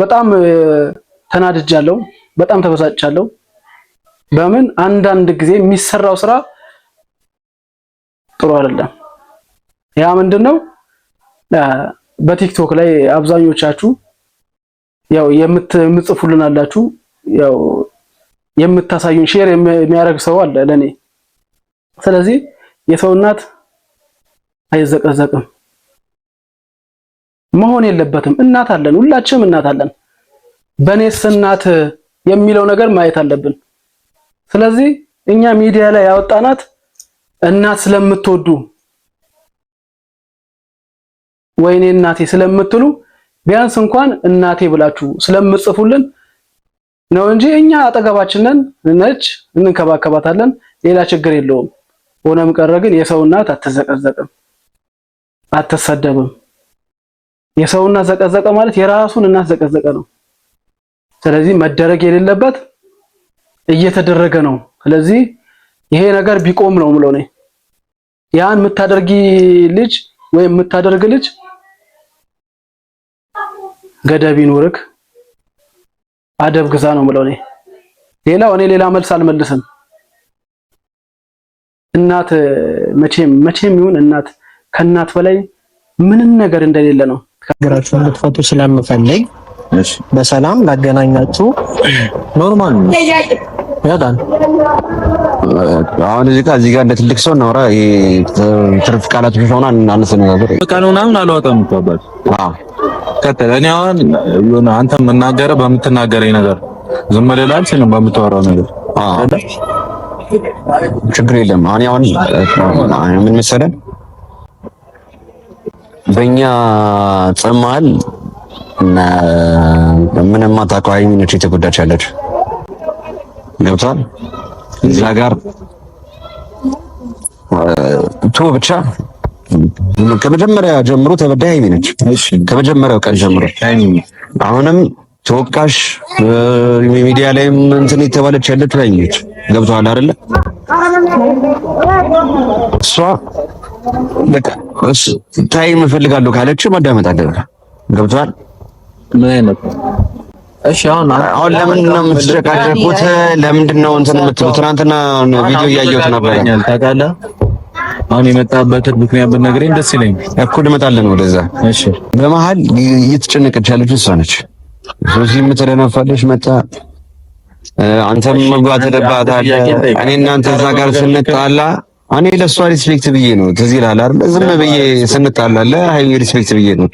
በጣም ተናድጃለሁ። በጣም ተበሳጭቻለሁ። በምን አንዳንድ ጊዜ የሚሰራው ስራ ጥሩ አይደለም። ያ ምንድነው በቲክቶክ ላይ አብዛኞቻችሁ ያው የምትጽፉልን አላችሁ ያው የምታሳዩን ሼር የሚያደርግ ሰው አለ ለኔ። ስለዚህ የሰው እናት አይዘቀዘቅም። መሆን የለበትም። እናት አለን፣ ሁላችንም እናት አለን። በኔስ እናት የሚለው ነገር ማየት አለብን። ስለዚህ እኛ ሚዲያ ላይ ያወጣናት እናት ስለምትወዱ ወይኔ እናቴ ስለምትሉ ቢያንስ እንኳን እናቴ ብላችሁ ስለምጽፉልን ነው እንጂ እኛ አጠገባችንን ነች፣ እንንከባከባታለን። ሌላ ችግር የለውም። ሆነም ቀረ ግን የሰው እናት አትዘቀዘቅም፣ አትሰደብም። የሰው እናት ዘቀዘቀ ማለት የራሱን እናት ዘቀዘቀ ነው። ስለዚህ መደረግ የሌለበት እየተደረገ ነው። ስለዚህ ይሄ ነገር ቢቆም ነው ምለው ነኝ። ያን የምታደርጊ ልጅ ወይም የምታደርግ ልጅ ገደብ ይኑርክ፣ አደብ ግዛ ነው ምለው ነኝ። ሌላው እኔ ሌላ መልስ አልመልስም። እናት መቼም መቼም ይሁን እናት ከእናት በላይ ምንም ነገር እንደሌለ ነው። ችግራችሁን ልትፈቱ ስለምፈልግ በሰላም ላገናኛችሁ። ኖርማል ነው ያዳን አሁን እዚህ ጋር እዚህ ጋር እንደ ትልቅ ሰው እናውራ። ትርፍ ቃላት ሆና እናንስ ነገር በቃ ነው ምናምን አልዋጣም እኮ አባት። አዎ ከተለ እኔ አሁን የሆነ አንተ መናገረ በምትናገረኝ ነገር ዝም ልል አልችልም፣ በምታወራው ነገር። አዎ ችግር የለም። አሁን አሁን ምን መሰለህ በእኛ ጽማል ምንም አታውቀው ሀይሚ ነች የተጎዳች ያለች ገብቷል። እዛ ጋር ቶ ብቻ ከመጀመሪያ ጀምሮ ተበዳይ ሀይሚ ነች። ከመጀመሪያው ቀን ጀምሮ አሁንም ተወቃሽ ሚዲያ ላይም እንትን የተባለች ያለችው ሀይሚ ነች። ገብቷል አይደለ? እሷ በቃ እሱ ታይም እፈልጋለሁ ካለች ማዳመጥ አለብህ። ገብቶሃል? ምን አይነት እሺ። አሁን አሁን ለምንድን ነው የምትጨቃጨቁት? ለምንድን ነው እንትን የምትሉት? ትናንትና ቪዲዮ እያየሁት ነበር። ታውቃለህ፣ አሁን የመጣበትን ምክንያት ብትነግረኝ ደስ ይለኛል። እኩል እመጣለሁ ወደዛ። እሺ። በመሀል እየተጨነቀች ያለች እሷ ነች። ሶሲም ትደነፋለች መጣ አንተም መግባት ተደባታለህ። እኔ እናንተ እዛ ጋር ስንጣላ እኔ ለእሷ ሪስፔክት ብዬ ነው። ትዝ ይልሃል አይደል? ዝም ብዬ ስንጣላለ ሀይ ሪስፔክት ብዬ ነው።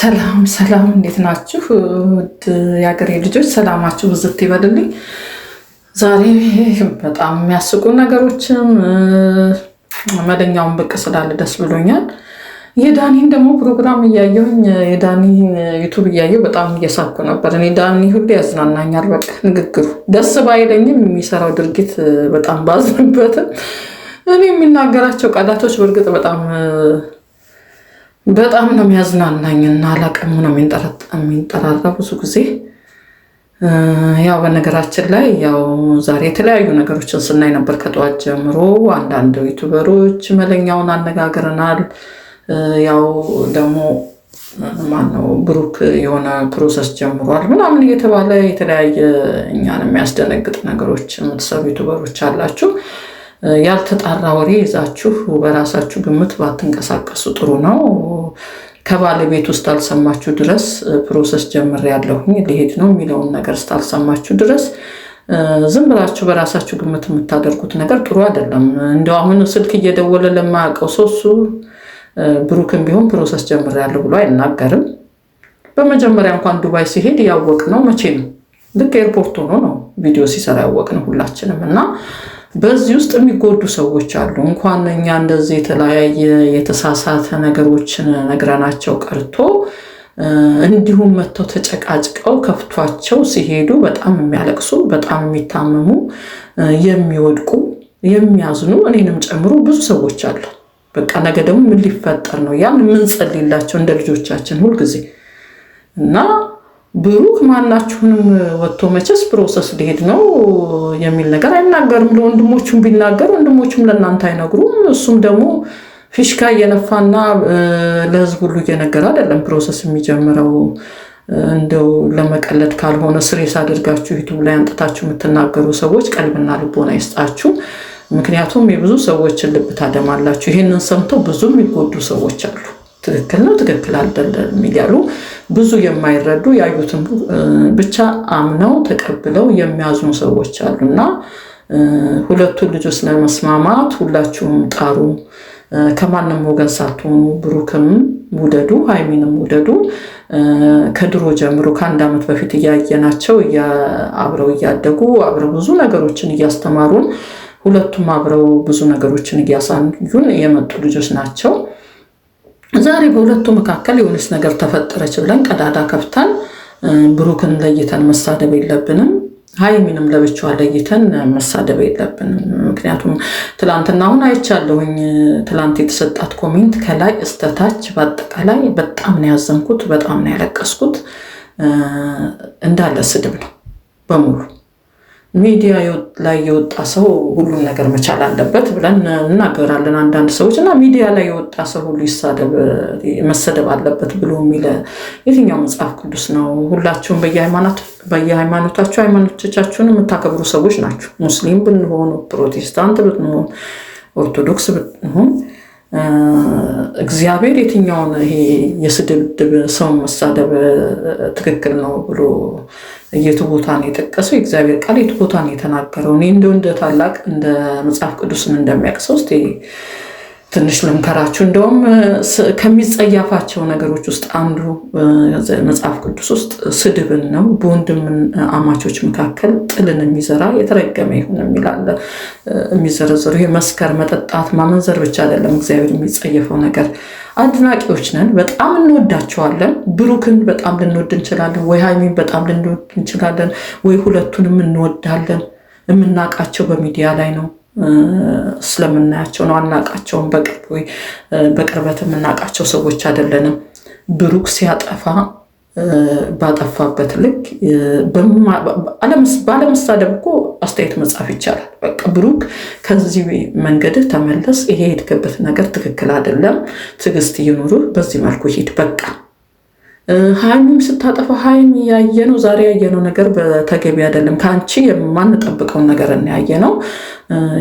ሰላም ሰላም፣ እንዴት ናችሁ ውድ የአገሬ ልጆች? ሰላማችሁ ብዝት ይበልልኝ። ዛሬ በጣም የሚያስቁ ነገሮችም መደኛውን ብቅ ስላለ ደስ ብሎኛል። የዳኒን ደግሞ ፕሮግራም እያየውኝ የዳኒን ዩቱብ እያየው በጣም እየሳኩ ነበር። እኔ ዳኒ ሁሌ ያዝናናኛል። በቃ ንግግሩ ደስ ባይለኝም የሚሰራው ድርጊት በጣም ባዝንበትም እኔ የሚናገራቸው ቃላቶች በእርግጥ በጣም በጣም ነው የሚያዝናናኝ እና አላቅም ነው የሚንጠራራ ብዙ ጊዜ ያው በነገራችን ላይ ያው ዛሬ የተለያዩ ነገሮችን ስናይ ነበር ከጠዋት ጀምሮ። አንዳንድ ዩቱበሮች መለኛውን አነጋግረናል። ያው ደግሞ ማነው ብሩክ የሆነ ፕሮሰስ ጀምሯል ምናምን እየተባለ የተለያየ እኛን የሚያስደነግጥ ነገሮች የምትሰሩ ዩቱበሮች አላችሁ። ያልተጣራ ወሬ ይዛችሁ በራሳችሁ ግምት ባትንቀሳቀሱ ጥሩ ነው። ከባለቤት ውስጥ አልሰማችሁ ድረስ ፕሮሰስ ጀምር ያለሁኝ ሊሄድ ነው የሚለውን ነገር ስታልሰማችሁ ድረስ ዝም ብላችሁ በራሳችሁ ግምት የምታደርጉት ነገር ጥሩ አይደለም። እንደው አሁን ስልክ እየደወለ ለማያውቀው ሰው እሱ ብሩክም ቢሆን ፕሮሰስ ጀምር ያለሁ ብሎ አይናገርም። በመጀመሪያ እንኳን ዱባይ ሲሄድ ያወቅ ነው መቼ ነው ልክ ኤርፖርት ሆኖ ነው ቪዲዮ ሲሰራ ያወቅ ነው ሁላችንም እና በዚህ ውስጥ የሚጎዱ ሰዎች አሉ። እንኳን እኛ እንደዚህ የተለያየ የተሳሳተ ነገሮችን ነግረናቸው ቀርቶ እንዲሁም መጥተው ተጨቃጭቀው ከፍቷቸው ሲሄዱ በጣም የሚያለቅሱ፣ በጣም የሚታመሙ፣ የሚወድቁ፣ የሚያዝኑ እኔንም ጨምሮ ብዙ ሰዎች አሉ። በቃ ነገ ደግሞ ምን ሊፈጠር ነው ያን የምንጸልላቸው እንደ ልጆቻችን ሁልጊዜ እና ብሩክ ማናችሁንም ወጥቶ መቼስ ፕሮሰስ ሊሄድ ነው የሚል ነገር አይናገርም። ለወንድሞቹም ቢናገር ወንድሞቹም ለእናንተ አይነግሩም። እሱም ደግሞ ፊሽካ እየነፋና ለህዝብ ሁሉ እየነገረ አይደለም ፕሮሰስ የሚጀምረው። እንደው ለመቀለድ ካልሆነ ስሬስ አድርጋችሁ ዩቱብ ላይ አንጥታችሁ የምትናገሩ ሰዎች ቀልብና ልቦና አይስጣችሁ። ምክንያቱም የብዙ ሰዎችን ልብ ታደማላችሁ። ይህንን ሰምተው ብዙ የሚጎዱ ሰዎች አሉ። ትክክል ነው፣ ትክክል አይደለም እያሉ ብዙ የማይረዱ ያዩትን ብቻ አምነው ተቀብለው የሚያዝኑ ሰዎች እና ሁለቱን ልጆች ለመስማማት ሁላችሁም ጣሩ። ከማንም ወገን ሳትሆኑ ብሩክም ውደዱ፣ ሀይሚንም ውደዱ። ከድሮ ጀምሮ ከአንድ ዓመት በፊት እያየናቸው አብረው እያደጉ አብረው ብዙ ነገሮችን እያስተማሩን ሁለቱም አብረው ብዙ ነገሮችን እያሳዩን የመጡ ልጆች ናቸው። ዛሬ በሁለቱ መካከል የሆነች ነገር ተፈጠረች ብለን ቀዳዳ ከፍተን ብሩክን ለይተን መሳደብ የለብንም። ሀይሚንም ለብቻዋ ለይተን መሳደብ የለብንም። ምክንያቱም ትላንትና አሁን አይቻለሁኝ። ትላንት የተሰጣት ኮሜንት ከላይ እስተታች በአጠቃላይ በጣም ነው ያዘንኩት፣ በጣም ነው ያለቀስኩት። እንዳለ ስድብ ነው በሙሉ ሚዲያ ላይ የወጣ ሰው ሁሉን ነገር መቻል አለበት ብለን እናገራለን። አንዳንድ ሰዎች እና ሚዲያ ላይ የወጣ ሰው ሁሉ መሰደብ አለበት ብሎ የሚለ የትኛው መጽሐፍ ቅዱስ ነው? ሁላችሁም በየሃይማኖታችሁ ሃይማኖቶቻችሁን የምታከብሩ ሰዎች ናችሁ። ሙስሊም ብንሆን ፕሮቴስታንት ብንሆን፣ ኦርቶዶክስ ብንሆን እግዚአብሔር የትኛውን ይሄ የስድብድብ ሰው መሳደብ ትክክል ነው ብሎ የቱ ቦታ ነው የጠቀሰው? የእግዚአብሔር ቃል የቱ ቦታ ነው የተናገረው? እኔ እንደው እንደ ታላቅ እንደ መጽሐፍ ቅዱስን እንደሚያውቅ ሰው ትንሽ ልምከራችሁ። እንደውም ከሚጸያፋቸው ነገሮች ውስጥ አንዱ መጽሐፍ ቅዱስ ውስጥ ስድብን ነው። በወንድም አማቾች መካከል ጥልን የሚዘራ የተረገመ ይሁን የሚላለ የሚዘረዘሩ መስከር፣ መጠጣት፣ ማመንዘር ብቻ አይደለም እግዚአብሔር የሚጸየፈው ነገር። አድናቂዎች ነን፣ በጣም እንወዳቸዋለን። ብሩክን በጣም ልንወድ እንችላለን፣ ወይ ሀይሚን በጣም ልንወድ እንችላለን፣ ወይ ሁለቱንም እንወዳለን። የምናውቃቸው በሚዲያ ላይ ነው ስለምናያቸው ነው። አናቃቸውም፣ በቅርበት የምናቃቸው ሰዎች አይደለንም። ብሩክ ሲያጠፋ ባጠፋበት ልክ ባለመሳደብ እኮ አስተያየት መጻፍ ይቻላል። በቃ ብሩክ ከዚህ መንገድ ተመለስ፣ ይሄ የሄድክበት ነገር ትክክል አይደለም፣ ትዕግስት ይኑርህ፣ በዚህ መልኩ ሂድ በቃ ሀይሚም ስታጠፋ ሀይሚ ያየነው ዛሬ ያየነው ነገር በተገቢ አይደለም። ከአንቺ የማንጠብቀውን ነገር እናያየ ነው።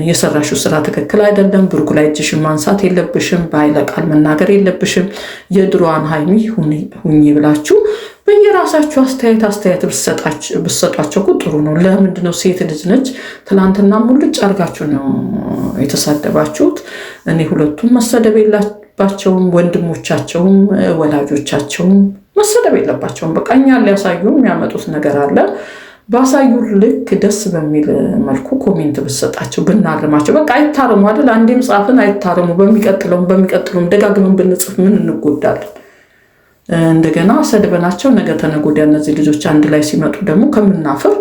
የሰራሽው ስራ ትክክል አይደለም። ብሩክ ላይ እጅሽን ማንሳት የለብሽም። በኃይለ ቃል መናገር የለብሽም። የድሮዋን ሀይሚ ሁኚ ብላችሁ በየራሳችሁ አስተያየት አስተያየት ብሰጧቸው ጥሩ ነው። ለምንድን ነው ሴት ልጅ ነች። ትላንትና ሙልጭ አርጋችሁ ነው የተሳደባችሁት። እኔ ሁለቱም መሰደብ የላባቸውም። ወንድሞቻቸውም ወላጆቻቸውም መሰደብ የለባቸውም። በቃ እኛን ሊያሳዩ የሚያመጡት ነገር አለ። ባሳዩ ልክ ደስ በሚል መልኩ ኮሜንት ብሰጣቸው ብናርማቸው፣ በቃ አይታረሙ አይደል? አንዴም ጻፍን አይታረሙ፣ በሚቀጥለውም በሚቀጥለውም ደጋግመን ብንጽፍ ምን እንጎዳለን? እንደገና ሰድበናቸው ነገ ተነገ እነዚህ ልጆች አንድ ላይ ሲመጡ ደግሞ ከምናፍር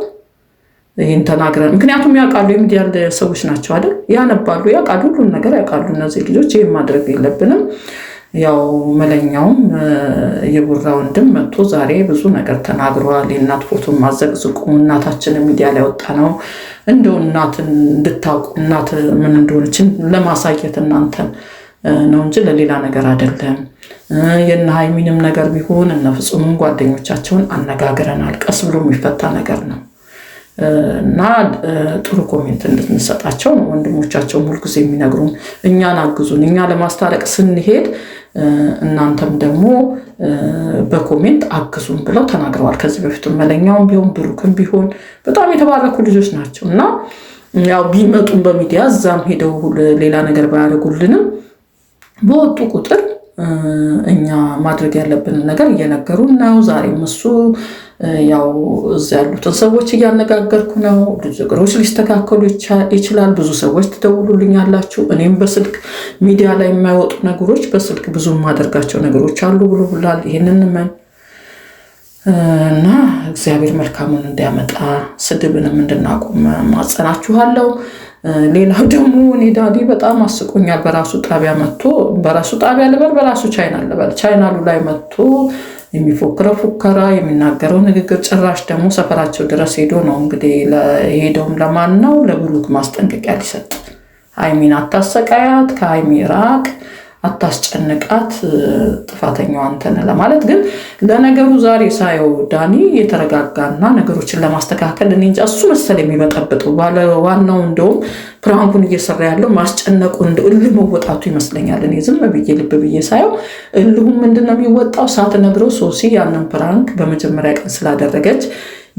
ይህን ተናግረን፣ ምክንያቱም ያውቃሉ፣ የሚዲያ ሰዎች ናቸው አይደል? ያነባሉ፣ ያውቃሉ፣ ሁሉን ነገር ያውቃሉ እነዚህ ልጆች። ይህም ማድረግ የለብንም። ያው መለኛውም የቡራ ወንድም መጥቶ ዛሬ ብዙ ነገር ተናግሯል። የእናት ፎቶን ማዘቅዝቁ እናታችን ሚዲያ ላይ ወጣ ነው እንደው እናትን እንድታውቁ እናት ምን እንደሆነችን ለማሳየት እናንተን ነው እንጂ ለሌላ ነገር አይደለም። የእነ ሀይሚንም ነገር ቢሆን እነ ፍጹምም ጓደኞቻቸውን አነጋግረናል። ቀስ ብሎ የሚፈታ ነገር ነው። እና ጥሩ ኮሜንት እንድንሰጣቸው ነው ወንድሞቻቸው ሁልጊዜ የሚነግሩን። እኛን አግዙን፣ እኛ ለማስታረቅ ስንሄድ እናንተም ደግሞ በኮሜንት አግዙን ብለው ተናግረዋል። ከዚህ በፊት መለኛውም ቢሆን ብሩክም ቢሆን በጣም የተባረኩ ልጆች ናቸው እና ያው ቢመጡን በሚዲያ እዛም ሄደው ሌላ ነገር ባያደርጉልንም በወጡ ቁጥር እኛ ማድረግ ያለብንን ነገር እየነገሩን ነው። ዛሬም እሱ ያው እዚ ያሉትን ሰዎች እያነጋገርኩ ነው። ብዙ ነገሮች ሊስተካከሉ ይችላል። ብዙ ሰዎች ትደውሉልኝ አላችሁ። እኔም በስልክ ሚዲያ ላይ የማይወጡ ነገሮች በስልክ ብዙ የማደርጋቸው ነገሮች አሉ ብሎ ብላል። ይህንን መን እና እግዚአብሔር መልካሙን እንዲያመጣ ስድብንም እንድናቆም ማጸናችኋለሁ። ሌላው ደግሞ እኔ ዳዲ በጣም አስቆኛል። በራሱ ጣቢያ መጥቶ በራሱ ጣቢያ ልበል፣ በራሱ ቻይናል ልበል፣ ቻይናሉ ላይ መጥቶ የሚፎክረው ፉከራ የሚናገረው ንግግር ጭራሽ ደግሞ ሰፈራቸው ድረስ ሄዶ ነው እንግዲህ ሄደውም ለማን ነው ለብሩክ ማስጠንቀቂያ ሊሰጥ ሀይሚን አታሰቃያት፣ ከሀይሚ ራቅ አታስጨንቃት፣ ጥፋተኛዋ አንተ ለማለት ግን ለነገሩ ዛሬ ሳየው ዳኒ የተረጋጋና ነገሮችን ለማስተካከል እኔ እንጃ እሱ መሰል የሚበጠብጠው ዋናው እንደውም ፕራንኩን እየሰራ ያለው ማስጨነቁ እንደ እልህ መወጣቱ ይመስለኛል። እኔ ዝም ብዬ ልብ ብዬ ሳየው እልሁም ምንድነው ነው የሚወጣው ሳትነግረው ሶሲ ያንን ፕራንክ በመጀመሪያ ቀን ስላደረገች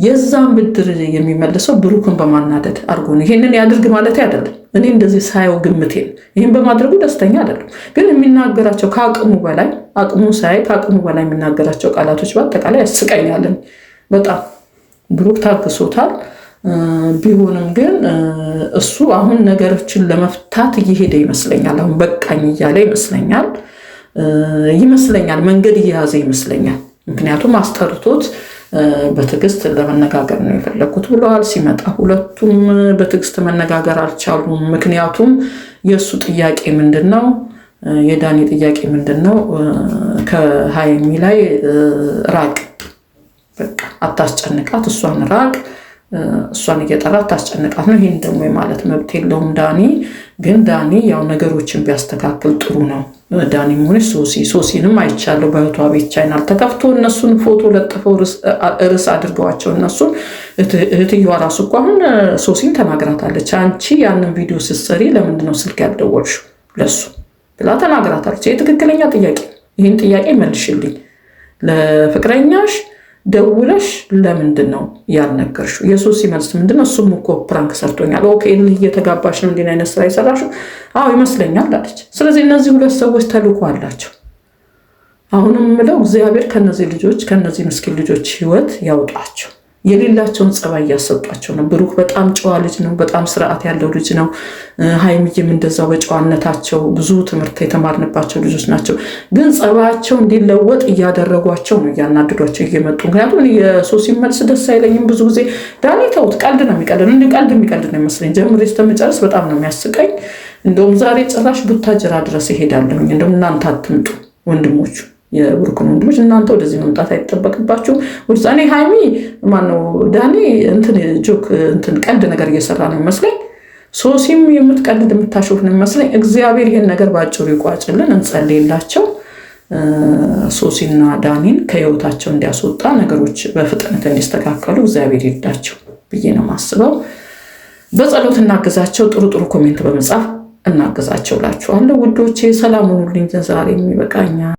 የዛን ብድር የሚመልሰው ብሩክን በማናደድ አድርጎ ነው። ይሄንን ያድርግ ማለት አይደለም። እኔ እንደዚህ ሳየው ግምቴን ይህን በማድረጉ ደስተኛ አይደለም። ግን የሚናገራቸው ከአቅሙ በላይ አቅሙ ሳይ ከአቅሙ በላይ የሚናገራቸው ቃላቶች በአጠቃላይ ያስቀኛለን። በጣም ብሩክ ታግሶታል። ቢሆንም ግን እሱ አሁን ነገሮችን ለመፍታት እየሄደ ይመስለኛል። አሁን በቃኝ እያለ ይመስለኛል ይመስለኛል መንገድ እየያዘ ይመስለኛል። ምክንያቱም አስተርቶት በትዕግስት ለመነጋገር ነው የፈለግኩት ብለዋል። ሲመጣ ሁለቱም በትዕግስት መነጋገር አልቻሉም። ምክንያቱም የእሱ ጥያቄ ምንድን ነው? የዳኒ ጥያቄ ምንድን ነው? ከሀይሚ ላይ ራቅ፣ በቃ አታስጨንቃት፣ እሷን ራቅ፣ እሷን እየጠራ አታስጨንቃት ነው። ይህን ደግሞ የማለት መብት የለውም ዳኒ ግን ዳኒ ያው ነገሮችን ቢያስተካክል ጥሩ ነው። ዳኒ ሆነ ሶሲ ሶሲንም አይቻለሁ በእህቷ ቤት ቻይናል ተከፍቶ እነሱን ፎቶ ለጥፈው ርዕስ አድርገዋቸው እነሱን እህትየዋ ራሱ እኮ አሁን ሶሲን ተናግራታለች። አንቺ ያንን ቪዲዮ ስትሰሪ ለምንድነው ስልክ ያልደወልሽው ለሱ ብላ ተናግራታለች። ይህ ትክክለኛ ጥያቄ፣ ይህን ጥያቄ መልሽልኝ ለፍቅረኛሽ ደውለሽ ለምንድን ነው ያልነገርሽው? የሱስ ሲመልስ ምንድን ነው እሱም እኮ ፕራንክ ሰርቶኛል። ኦኬ እየተጋባሽ ነው እንዲህ አይነት ስራ የሰራሽው? አዎ ይመስለኛል አለች። ስለዚህ እነዚህ ሁለት ሰዎች ተልኮ አላቸው። አሁንም ምለው እግዚአብሔር ከነዚህ ልጆች ከነዚህ ምስኪን ልጆች ህይወት ያውጣቸው። የሌላቸውን ጸባይ እያሰጧቸው ነው። ብሩክ በጣም ጨዋ ልጅ ነው። በጣም ስርዓት ያለው ልጅ ነው። ሀይሚዬም እንደዛው በጨዋነታቸው ብዙ ትምህርት የተማርንባቸው ልጆች ናቸው። ግን ጸባያቸው እንዲለወጥ እያደረጓቸው ነው፣ እያናድዷቸው እየመጡ ምክንያቱም የሰው ሲመልስ ደስ አይለኝም ብዙ ጊዜ ዳኒ ተውት፣ ቀልድ ነው የሚቀልድ እንዲ ቀልድ የሚቀልድ ነው ይመስለኝ። ጀምሬ እስከመጨረስ በጣም ነው የሚያስቀኝ። እንደውም ዛሬ ጭራሽ ቡታጅራ ድረስ ይሄዳለሁኝ። እንደውም እናንተ አትምጡ ወንድሞቹ የብሩክን ወንድሞች እናንተ ወደዚህ መምጣት አይጠበቅባችሁም። ውሳኔ ሀይሚ ማነው ዳኒ እንትን ጆክ እንትን ቀልድ ነገር እየሰራ ነው ይመስለኝ። ሶሲም የምትቀልድ የምታሾፍ ነው ይመስለኝ። እግዚአብሔር ይህን ነገር በአጭሩ ይቋጭልን፣ እንጸልይላቸው። ሶሲና ዳኒን ከህይወታቸው እንዲያስወጣ ነገሮች በፍጥነት እንዲስተካከሉ እግዚአብሔር ይርዳቸው ብዬ ነው ማስበው። በጸሎት እናግዛቸው። ጥሩ ጥሩ ኮሜንት በመጻፍ እናግዛቸው ላችኋለሁ። ውዶቼ ሰላም ሁኑልኝ። ዛሬ የሚበቃኛ